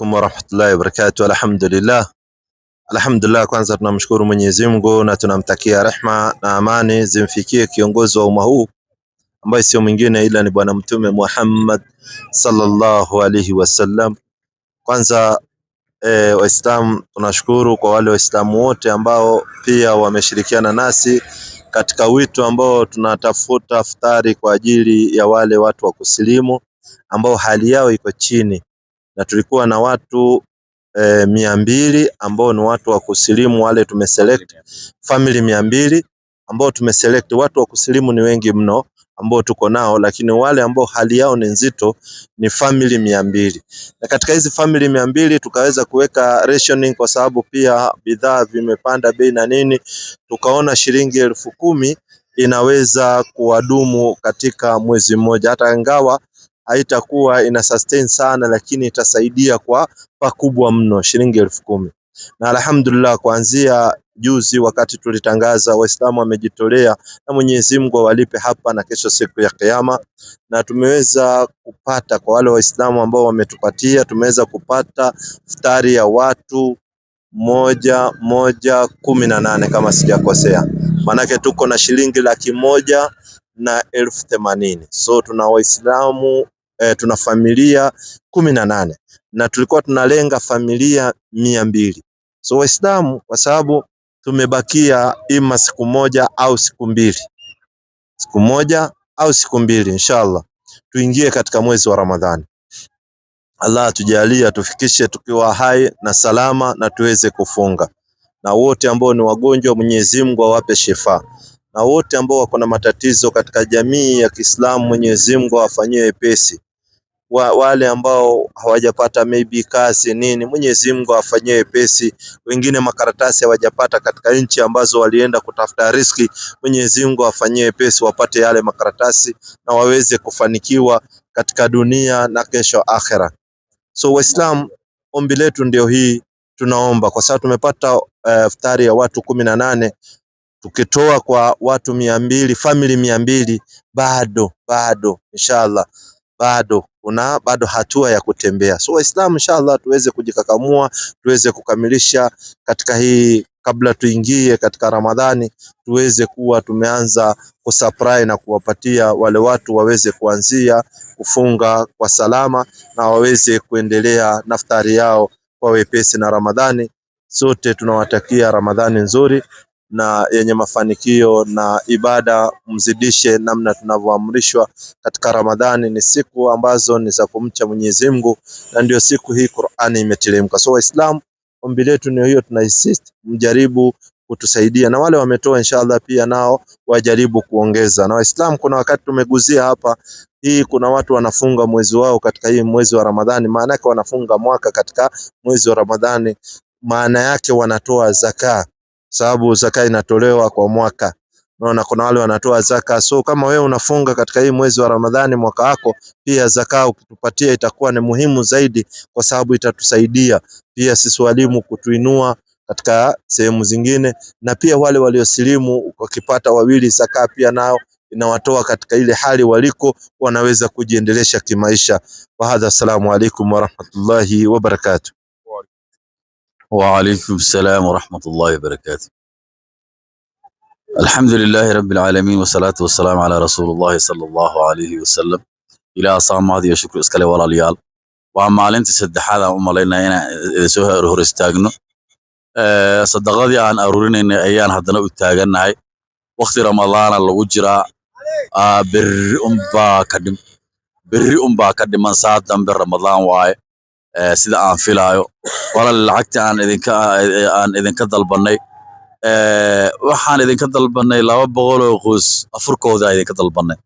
alaikum warahmatullahi wabarakatuh. Alhamdulillah, alhamdulillah. Kwanza tunamshukuru Mwenyezi Mungu na tunamtakia rehma na amani zimfikie kiongozi wa umma huu ambaye sio mwingine ila ni Bwana Mtume Muhammad sallallahu alaihi wasallam. Kwanza e, eh, Waislamu tunashukuru kwa wale Waislamu wote ambao pia wameshirikiana nasi katika wito ambao tunatafuta futari kwa ajili ya wale watu wa kusilimu ambao hali yao iko chini na tulikuwa na watu e, mia mbili ambao ni watu wa kusilimu wale tumeselect family mia mbili ambao tumeselect. Watu wa kusilimu ni wengi mno ambao tuko nao, lakini wale ambao hali yao ni nzito ni family mia mbili na katika hizi family mia mbili tukaweza kuweka rationing kwa sababu pia bidhaa vimepanda bei na nini, tukaona shilingi elfu kumi inaweza kuwadumu katika mwezi mmoja, hata ingawa haitakuwa ina sustain sana, lakini itasaidia kwa pakubwa mno, shilingi elfu kumi. Na alhamdulillah kuanzia juzi wakati tulitangaza, Waislamu wamejitolea na Mwenyezi Mungu awalipe hapa na kesho siku ya Kiyama, na tumeweza kupata kwa wale Waislamu ambao wametupatia, tumeweza kupata futari ya watu moja moja kumi na nane kama sijakosea, manake tuko na shilingi laki moja na elfu themanini. So tuna Waislamu e, tuna familia kumi na nane na tulikuwa tunalenga familia mia mbili. So Waislamu kwa sababu tumebakia ima siku moja au siku mbili, siku moja au siku mbili, inshallah tuingie katika mwezi wa Ramadhani. Allah atujalie tufikishe tukiwa hai na salama, na tuweze kufunga, na wote ambao ni wagonjwa Mwenyezi Mungu awape shifa, na wote ambao wako na matatizo katika jamii ya Kiislamu Mwenyezi Mungu awafanyie wepesi wa wale ambao hawajapata maybe kazi nini, Mwenyezi Mungu awafanyie wepesi. Wengine makaratasi hawajapata katika nchi ambazo walienda kutafuta riski, Mwenyezi Mungu awafanyie wepesi, wapate yale makaratasi na waweze kufanikiwa katika dunia na kesho akhera. So Waislamu, ombi letu ndio hii, tunaomba kwa sababu tumepata uh, ya watu kumi na nane tukitoa kwa watu mia mbili famili mia mbili bado bado, inshallah bado kuna bado hatua ya kutembea. So Waislamu, inshallah tuweze kujikakamua, tuweze kukamilisha katika hii kabla tuingie katika Ramadhani, tuweze kuwa tumeanza kusupply na kuwapatia wale watu waweze kuanzia kufunga kwa salama na waweze kuendelea naftari yao kwa wepesi na Ramadhani. Sote tunawatakia Ramadhani nzuri na yenye mafanikio na ibada mzidishe namna tunavyoamrishwa katika Ramadhani. Ni siku ambazo ni za kumcha Mwenyezi Mungu, na ndio siku hii Qur'ani imeteremka. So Waislamu, ombi letu ni hiyo, tuna insist mjaribu kutusaidia, na wale wametoa inshallah pia nao wajaribu kuongeza. Na Waislamu, kuna wakati tumeguzia hapa hii, kuna watu wanafunga mwezi wao katika hii mwezi wa Ramadhani, maana yake wanafunga mwaka katika mwezi wa Ramadhani, maana yake wanatoa zakaa sababu zaka inatolewa kwa mwaka. Unaona kuna wale wanatoa zaka. So kama wewe unafunga katika hii mwezi wa Ramadhani mwaka wako, pia zaka ukitupatia itakuwa ni muhimu zaidi, kwa sababu itatusaidia pia sisi walimu kutuinua katika sehemu zingine, na pia wale waliosilimu wakipata wawili zaka pia nao inawatoa katika ile hali waliko, wanaweza kujiendelesha kimaisha. Wahadha, assalamu alaikum warahmatullahi wabarakatuh. وعليكم السلام ورحمة الله وبركاته الحمد لله رب العالمين والصلاة والسلام على رسول الله صلى الله عليه وسلم إلى أصام صامات يشكر إسكالي ولا ليال وعما ومعلنت سدحادا ومالينا هنا سوها رهور استاغنو آه، صدقاتي عن أرورين إن أيان هدنا وتاغنهاي وقت رمضان اللو جرا آه، بر أمبا كدم بر أمبا كدم من ساعة دم بر رمضان واي Eh, sida aan filaayo walaal lacagta aan idinka aan idinka dalbanay eh, waxaan idinka dalbanay laba boqol oo qoys afurkooda idinka dalbanay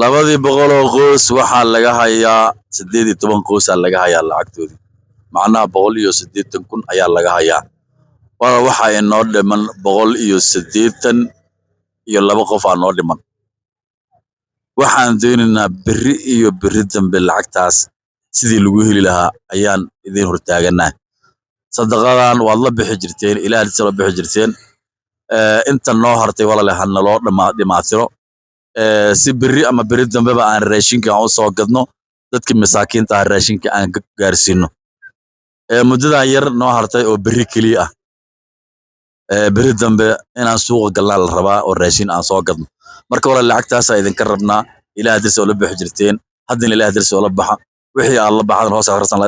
labadii boqol oo qoys waxaa laga hayaa siddeed iyo toban qoysaa laga hayaa lacagtoodii macnaha boqol iyo siddeetan kun ayaa laga hayaa walaal waxaa inoo dhiman boqol iyo siddeetan iyo laba qof noo dhiman waxaan doonaynaa berri iyo berri dambe lacagtaas sidii lagu heli lahaa ayaan idiin hortaaganaa sadaqadan waad la bixi jirteen ilaahad sala bixi jirteen inta noo hartay walale hanaloo dhimaatiro si beri ama beri dambeba aan raashinka u soo gadno dadka masaakiinta ah raashinka aan gaarsiino muddadan yar noo hartay oo beri keliya ah beri dambe inaan suuqa galnaa la rabaa oo raashin aan soo gadno marka walale lacagtaasaa idinka rabnaa ilaah darsi oo la bixi jirteen haddana ilaah darsi oo la baxa wixii aad la baxdan hoos akhrisan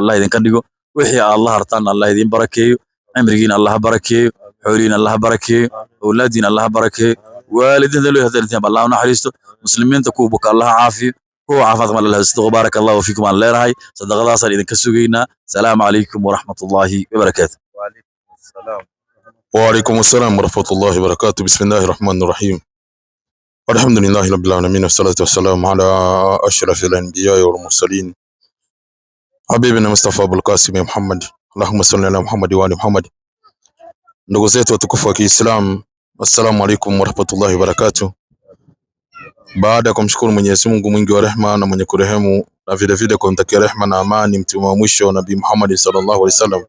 allah idinka dhigo wixii aad la hartaan allah idin barakeeyo cimrigiin allah barakeeyo xoolihiin allah barakeeyo awlaadiin allah barakeeyo waalidiinta loo hadaltaan allah naxariisto muslimiinta kuwa buka allah caafiyo kuwa caafimaadka allah haysto baarak allah fiikum aan leenahay sadaqadaas aan idinka sugaynaa salaamu calaykum waraxmat ullaahi wabarakaatu وعليكم السلام ورحمة الله وبركاته بسم الله الرحمن الرحيم Alhamdulillahi rabbil alamin wassalatu wassalamu ala ashrafil anbiyai wal mursalin habibina Mustafa Abul Qasim Muhammad Allahumma salli ala Muhammad wa ali Muhammad. Ndugu zetu watukufu wa kiislam assalamu alaikum warahmatullahi wabarakatuh. Baada ya kumshukuru Mwenyezi Mungu mwingi wa rehma na mwenye kurehemu na vilevile kumtakia rehma na amani mtume wa mwisho Nabii Muhammad sallallahu alaihi wasallam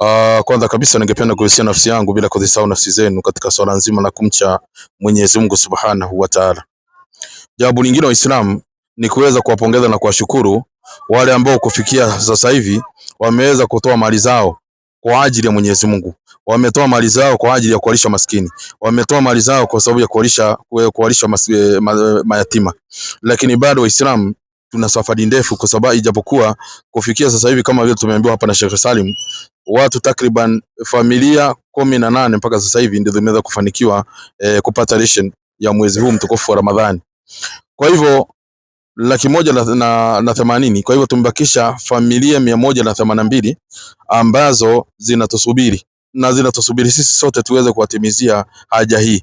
Uh, kwanza kabisa ningependa kuhusia nafsi yangu bila kuzisahau nafsi zenu katika swala nzima la kumcha Mwenyezi Mungu Subhanahu wa Ta'ala. Jambo lingine Waislamu ni kuweza kuwapongeza na kuwashukuru wale ambao kufikia sasa hivi wameweza kutoa mali zao kwa ajili ya Mwenyezi Mungu. Wametoa mali zao kwa ajili ya kuwalisha maskini, wametoa mali zao kwa sababu ya kuwalisha kuwalisha eh, eh, mayatima, lakini bado Waislamu tuna safari ndefu, kwa sababu ijapokuwa kufikia sasa hivi kama vile tumeambiwa hapa na Sheikh Salim, watu takriban familia kumi na nane mpaka sasa hivi ndio zimeweza kufanikiwa eh, kupata lishe ya mwezi huu mtukufu wa Ramadhani. Kwa hivyo laki moja na, na, na themanini. Kwa hivyo tumebakisha familia mia moja na themanini na mbili ambazo zinatusubiri na zinatusubiri sisi sote tuweze kuwatimizia haja hii,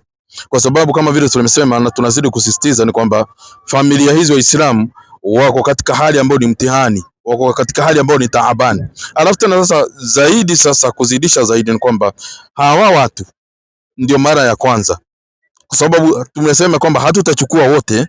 kwa sababu kama vile tumesema na tunazidi kusisitiza ni kwamba familia hizi Waislamu wako katika hali ambayo ni mtihani, wako katika hali ambayo ni taabani. Alafu tena sasa zaidi, sasa kuzidisha zaidi ni kwamba hawa watu ndio mara ya kwanza, kwa sababu tumesema kwamba hatutachukua wote,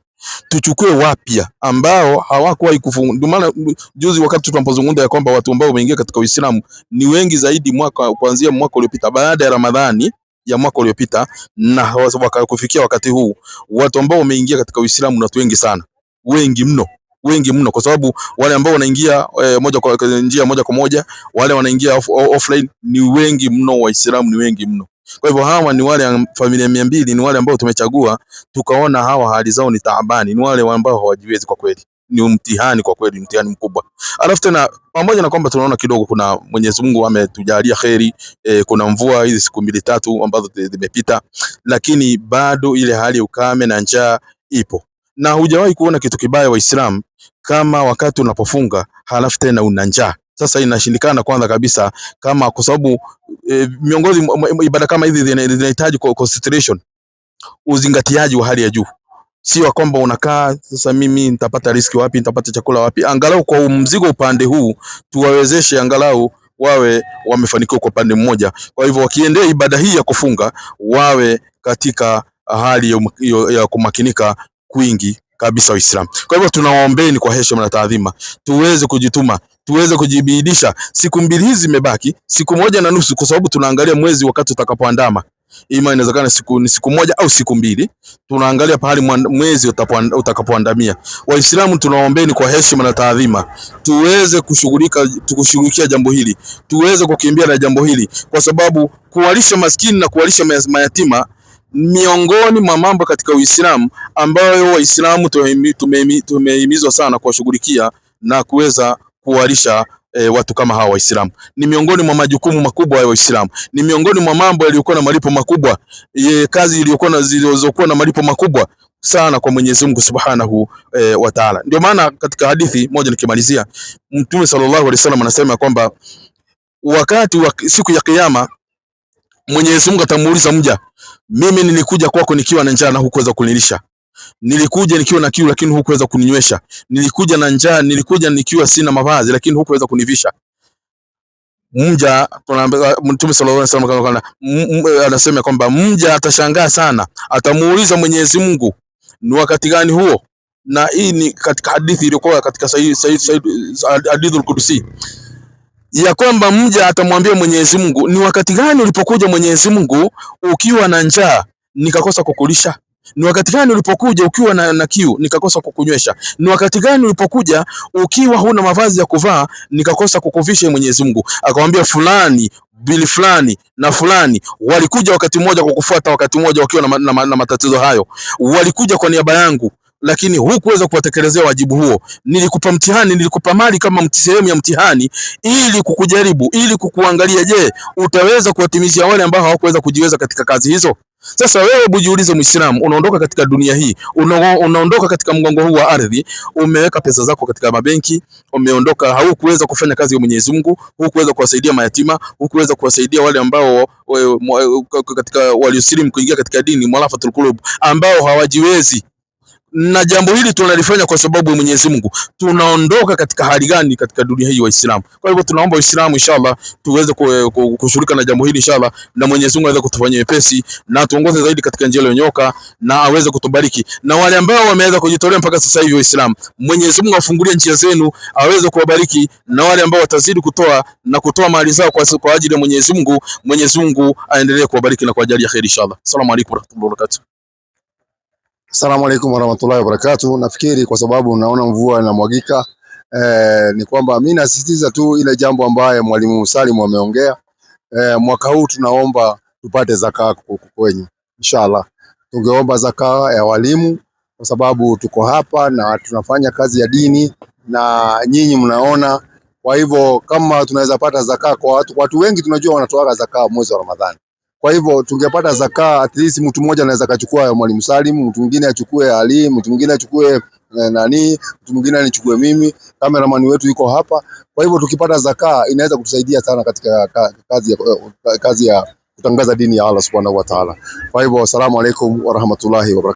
tuchukue wapya ambao hawakuwahi kufunga. Ndio maana juzi wakati tunapozungumza ya kwamba watu ambao wameingia katika Uislamu ni wengi zaidi mwaka kuanzia mwaka uliopita baada ya Ramadhani ya mwaka uliopita na wakakufikia wakati huu, watu ambao wameingia katika Uislamu ni watu wengi sana, wengi mno wengi mno, kwa sababu wale ambao wanaingia e, moja kwa njia moja kwa moja, wale wanaingia off, offline ni wengi mno, Waislamu ni wengi mno. Kwa hivyo hawa ni wale familia mia mbili, ni wale ambao tumechagua tukaona hawa hali zao ni taabani, ni wale ambao hawajiwezi kwa kweli ni mtihani kwa kweli, mtihani mkubwa. Alafu tena pamoja na kwamba tunaona kidogo kuna Mwenyezi Mungu ametujalia kheri e, kuna mvua hizi siku mbili tatu ambazo zimepita, lakini bado ile hali ya ukame na njaa ipo, na hujawahi kuona kitu kibaya Waislamu kama wakati unapofunga halafu tena una njaa sasa inashindikana kwanza kabisa, kama kwa sababu e, miongozi ibada kama hizi zinahitaji concentration, uzingatiaji wa hali ya juu, sio kwamba unakaa sasa, mimi nitapata riski wapi, nitapata chakula wapi? Angalau kwa mzigo upande huu tuwawezeshe angalau wawe wamefanikiwa kwa upande mmoja. Kwa hivyo wakiendea ibada hii ya kufunga wawe katika hali ya, ya kumakinika kwingi kabisa Waislamu. Kwa hivyo tunawaombeni kwa heshima na taadhima, tuweze kujituma, tuweze kujibidisha. Siku mbili hizi zimebaki, siku moja na nusu, kwa sababu tunaangalia mwezi wakati utakapoandama. Ima inawezekana siku ni siku moja au siku mbili, tunaangalia pahali mwezi utakapoandamia. Waislamu tunaombeni kwa heshima na taadhima, tuweze kushughulika tukushughulikia jambo hili, tuweze kukimbia na jambo hili, kwa sababu kuwalisha maskini na kuwalisha mayatima miongoni mwa mambo katika Uislamu ambayo Waislamu tumehimizwa sana kuwashughulikia na kuweza kuwalisha E, watu kama hawa Waislamu ni miongoni mwa majukumu makubwa ya Waislamu, ni miongoni mwa mambo yaliyokuwa na malipo makubwa e, kazi iliyokuwa na zilizokuwa na malipo makubwa sana kwa Mwenyezi Mungu Subhanahu e, wa Ta'ala. Ndio maana katika hadithi moja nikimalizia, Mtume sallallahu alaihi wasallam anasema kwamba wakati wa siku ya kiyama Mwenyezi Mungu atamuuliza mja mimi nilikuja kwako nikiwa na njaa na hukuweza kunilisha. Nilikuja nikiwa na kiu lakini hukuweza kuninywesha. Nilikuja na njaa, nilikuja nikiwa sina mavazi lakini hukuweza kunivisha. Mja tunaambia Mtume sallallahu alaihi wasallam anasema kwamba mja atashangaa sana, atamuuliza Mwenyezi Mungu ni wakati gani huo? Na hii ni katika hadithi iliyokuwa katika sahihi sahihi Hadithul Qudsi ya kwamba mja atamwambia Mwenyezi Mungu, ni wakati gani ulipokuja Mwenyezi Mungu ukiwa na njaa nikakosa kukulisha? Ni wakati gani ulipokuja ukiwa na, na kiu nikakosa kukunywesha? Ni wakati gani ulipokuja ukiwa huna mavazi ya kuvaa nikakosa kukuvisha? Mwenyezi Mungu akamwambia fulani bili fulani na fulani walikuja wakati mmoja kwa kufuata wakati mmoja wakiwa na, na, na matatizo hayo, walikuja kwa niaba yangu lakini hukuweza kuwatekelezea wajibu huo. Nilikupa mtihani, nilikupa mali kama sehemu ya mtihani, ili kukujaribu, ili kukuangalia, je, utaweza kuwatimizia wale ambao hawakuweza kujiweza katika kazi hizo. Sasa wewe bujiulize, Muislamu, unaondoka katika dunia hii, unaondoka katika mgongo huu wa ardhi, umeweka pesa zako katika mabenki, umeondoka, haukuweza kufanya kazi ya Mwenyezi Mungu, hukuweza kuwasaidia mayatima, hukuweza kuwasaidia wale ambao we, katika waliosilimu kuingia katika dini mwalafatul qulub, ambao hawajiwezi na jambo hili tunalifanya kwa sababu ya Mwenyezi Mungu. Tunaondoka katika hali gani katika dunia hii Waislamu? Kwa hivyo tunaomba Waislamu inshallah tuweze kushughulika na jambo hili inshallah, na Mwenyezi Mungu aweze kutufanyia wepesi na tuongoze zaidi katika njia iliyonyoka na aweze kutubariki. Na wale ambao wameweza kujitolea mpaka sasa hivi Waislamu, Mwenyezi Mungu afungulie njia zenu, aweze kuwabariki, na wale ambao watazidi kutoa na kutoa mali zao kwa, kwa ajili ya Mwenyezi Mungu, Mwenyezi Mungu aendelee kuwabariki na kuwajalia kheri inshallah. Asalamu alaykum wa rahmatullahi wa barakatuh. Asalamu alaykum warahmatullahi wabarakatuh. Nafikiri kwa sababu naona mvua inamwagika, eh, ni kwamba mimi nasisitiza tu ile jambo ambaye mwalimu salim ameongea. Eh, mwaka huu tunaomba tupate zaka kwenyu inshallah. Tungeomba zaka ya walimu kwa sababu tuko hapa na tunafanya kazi ya dini na nyinyi mnaona. Kwa hivyo kama tunaweza pata zaka kwa watu, watu wengi tunajua wanatoa zaka mwezi wa Ramadhani. Kwa hivyo tungepata zaka, at least mtu mmoja anaweza kachukua mwalimu Salim, mtu mwingine achukue Ali, mtu mwingine achukue eh, nani, mtu mwingine anichukue mimi, cameraman wetu yuko hapa. Kwa hivyo tukipata zaka inaweza kutusaidia sana katika kazi ya, kazi ya kutangaza dini ya Allah Subhanahu wa Ta'ala. Kwa hivyo, asalamu alaykum wa rahmatullahi wa